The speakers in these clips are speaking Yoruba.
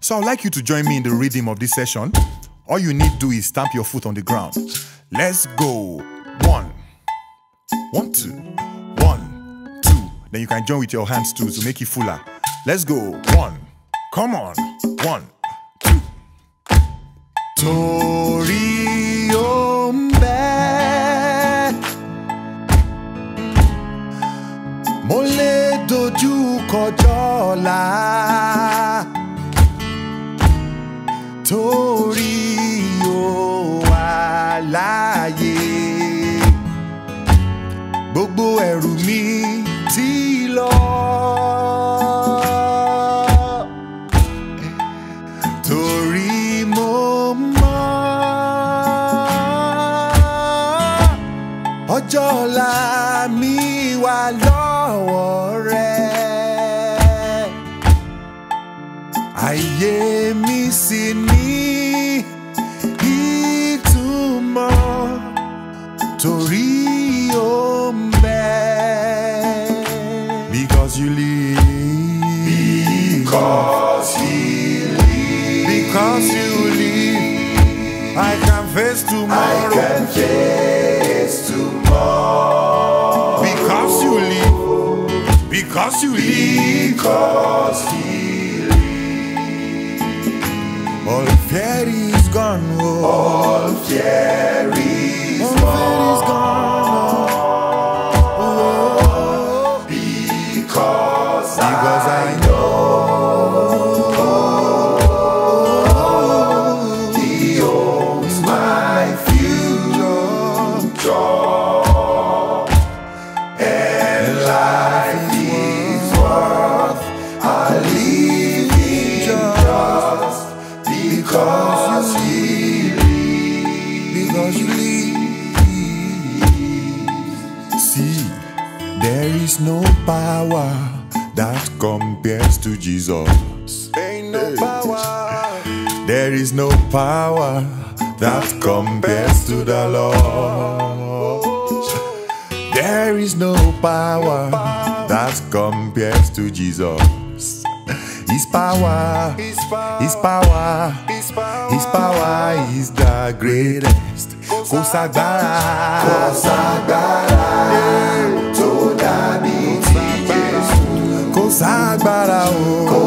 So I'd like you to join me in the rhythm of this session. All you need to do is stamp your foot on the ground. Let's go. One, one, two, one, two. Then you can join with your hands too to make it fuller. Let's go. One. Come on. One, two. Tori. ayé sì ní ìtumọ̀ torí ó Because you live. Because you lives. Because you live. I can face tomorrow. I can face tomorrow. Because you live. Because you live. Because you. gone, whoa. All fear is gone. no power that compares to Jesus. Ain't no power. There is no power that compares to the Lord. There is no power that compares to Jesus. His power, his power, his power, his power, is the greatest. Kò s'agbára,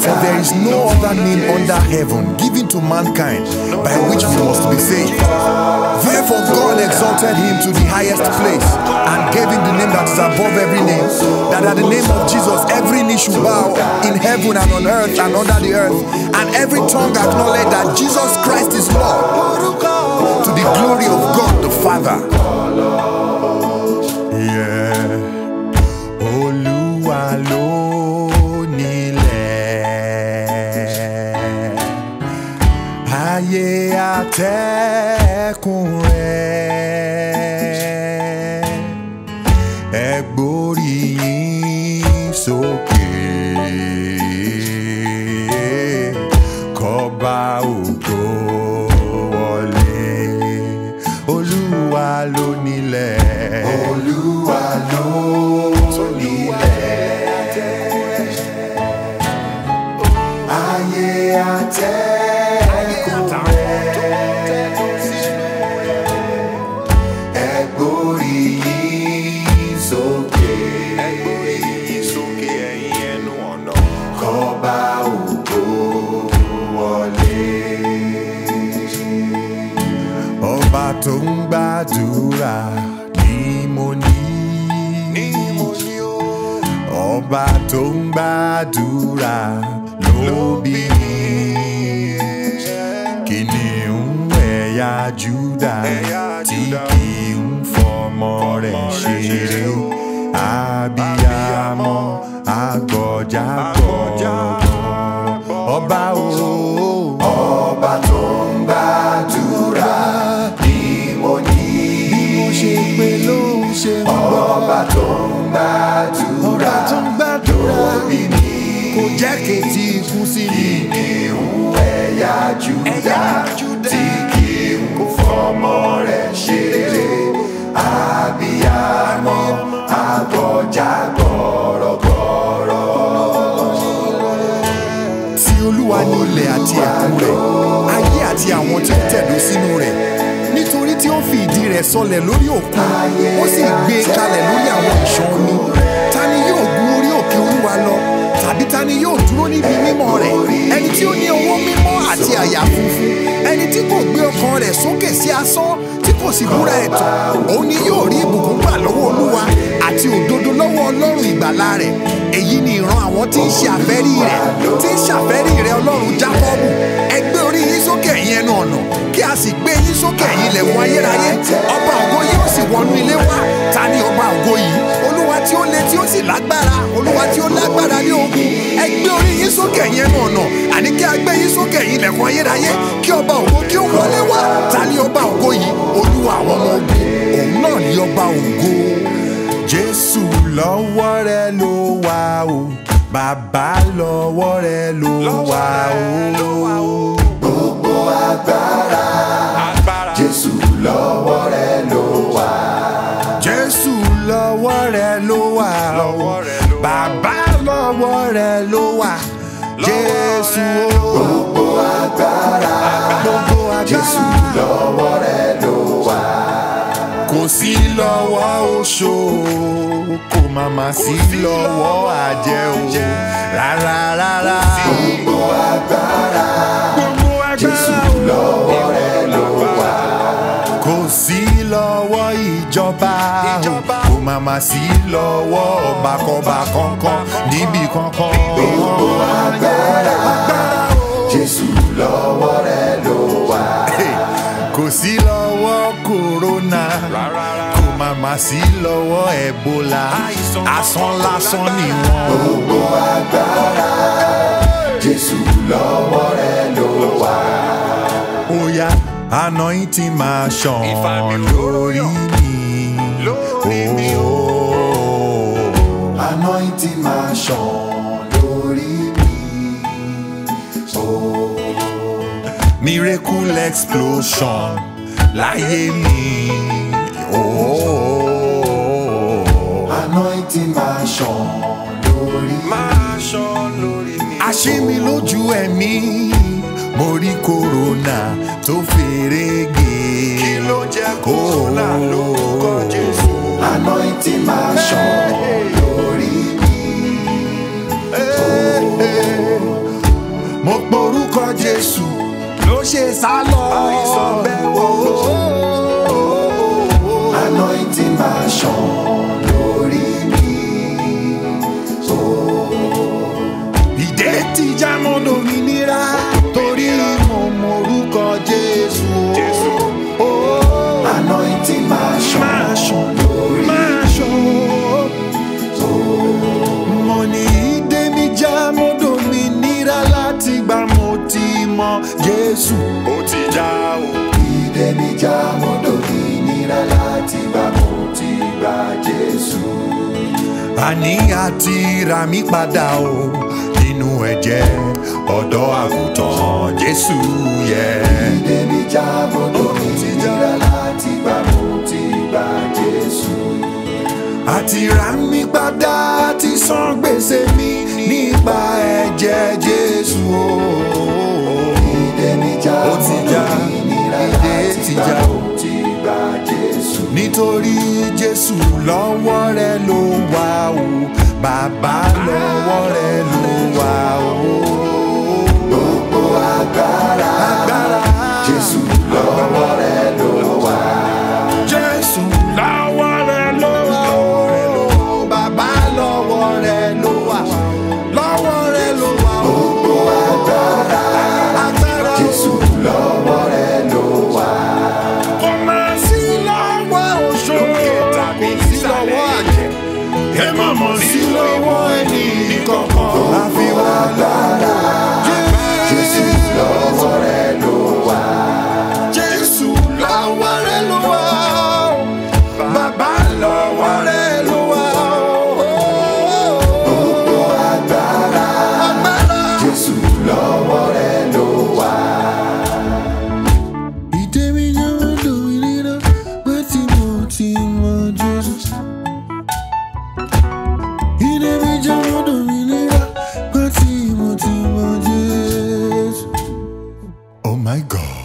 For there is no other name under heaven given to mankind by which we must be saved. Therefore, God exalted him to the highest place and gave him the name that is above every name, that at the name of Jesus every knee should bow in heaven and on earth and under the earth, and every tongue acknowledge that Jesus Christ is Lord to the glory of God the Father. ayé até com ẹ é yín que kọ́ba ògo wọlé olúwa ló nílẹ̀ olúwa. rà ni mo ní. Ní mo ní o. Ọba tó ń gbàdúrà ló bí mi. ẹ̀yà Júdà tí kì í fọmọ rẹ̀ ṣeré. Abiyamọ agbọ̀jábọ̀. òkè tí kú sí. kìnìún ẹ̀yà Júdà tí kìnìún fọmọ rẹ̀ ṣeré àbíyamọ àbọ̀já gbọ̀rọ̀gbọ̀rọ̀. ti olúwa ni ilẹ̀ àti ẹ̀kú rẹ̀ ayé àti àwọn tí ó tẹ̀dó sínú rẹ̀ nítorí tí ó fi ìdí rẹ̀ sọlẹ̀ lórí òkun ó sì gbé e kalẹ̀ lórí àwọn ìṣàn ta ni yóò gun orí òkè olúwa lọ ta ni yóò dúró níbi mímọ́ rẹ̀ ẹni tí ó ní ọwọ́ mímọ́ àti àyà funfun ẹni tí kò gbé ọkàn rẹ̀ sókè sí asán tí kò sì búra ẹ̀tàn òun ni yóò rí ìbùkún gbà lọ́wọ́ olúwa àti òdodo lọ́wọ́ ọlọ́run ìgbàlà rẹ̀ èyí ni ìran àwọn tí ń ṣe àfẹ́rí rẹ̀ tí ń ṣàfẹ́rí rẹ̀ ọlọ́run jákọ́bù ẹ gbé orí yín sókè ẹ̀yin ẹnu ọ̀nà kí a sì gbé yín sókè ẹ̀yin ilẹ̀kùn ayérayé ọba ògo yóò sì wọnú ilé wa ta ni ọba ògo yìí tí ó le tí ó sì lágbára olúwa tí ó lágbára ní ogun ẹ orí yín sókè yín ẹnu ọ̀nà àní kí a gbé yín sókè yín lẹ̀kùn ayérayé kí ọba ògo kí ó wọlé wá ta ni ọba ògo yìí olúwa àwọn ọmọ ogun òun náà ni ọba ògo. jésù lọ́wọ́ rẹ ló wà o bàbá lọ́wọ́ rẹ ló wà o. gbogbo agbára jésù lọ́wọ́. Jésù o. Gbogbo agbára. Gbogbo agbára. Jésù lọ́wọ́ rẹ̀ ló wà. Kò sí lọ́wọ́ oṣó kò má má sí lọ́wọ́ àjẹ́ o. Rárá rárá. Gbogbo agbára. Gbogbo agbára. Jésù lọ́wọ́ rẹ̀ ló wà. Kò sí lọ́wọ́ ìjọba. Ìjọba màmá sí lọ́wọ́ bàkọ́bàkọ́kọ́ níbi kankan. gbogbo agbára jésù lọ́wọ́ rẹ ló wà. kò sí lọ́wọ́ kòrónà kò màmá sí lọ́wọ́ ẹ̀bólà asán lásán ni wọ́n. gbogbo agbára jésù lọ́wọ́ rẹ ló wà. ó anointing máa ṣàn lórí mi lórí mi o. anointing máa ṣàn lórí mi. Oh, miracle explosion láyé mi. Oh, anointing máa ṣàn lórí mi. máa ṣàn lórí mi. àṣìmí lójú ẹ̀mí mo rí kòrónà tó fèrè gé. kí ló jẹ́ kó lórúkọ Jésù anointing máa ṣàn lórí mi. mo porúkọ Jésù ló ṣe sá lọ àìsàn bẹ́ẹ̀ wò ó. anointing máa ṣàn lórí mi. ìdè ti já mọ́ mọ́ Jésù ó ti já o. ìdè níjà odò ìnira láti bá mo ti gba Jésù. àní àti ra mi padà o nínú ẹ̀jẹ̀ ọ̀dọ́ àgùntàn Jésù yẹ. ìdè níjà odò ìnira láti bá mo ti gba Jésù. àti ra mi padà ti san gbèsè mi nípa ẹ̀jẹ̀ Jésù o. Oh, oh, oh já ó ti já ìdè ti já nítorí Jésù lọ́wọ́ rẹ ló wà o bàbá lọ́wọ́ rẹ ló wà. my God.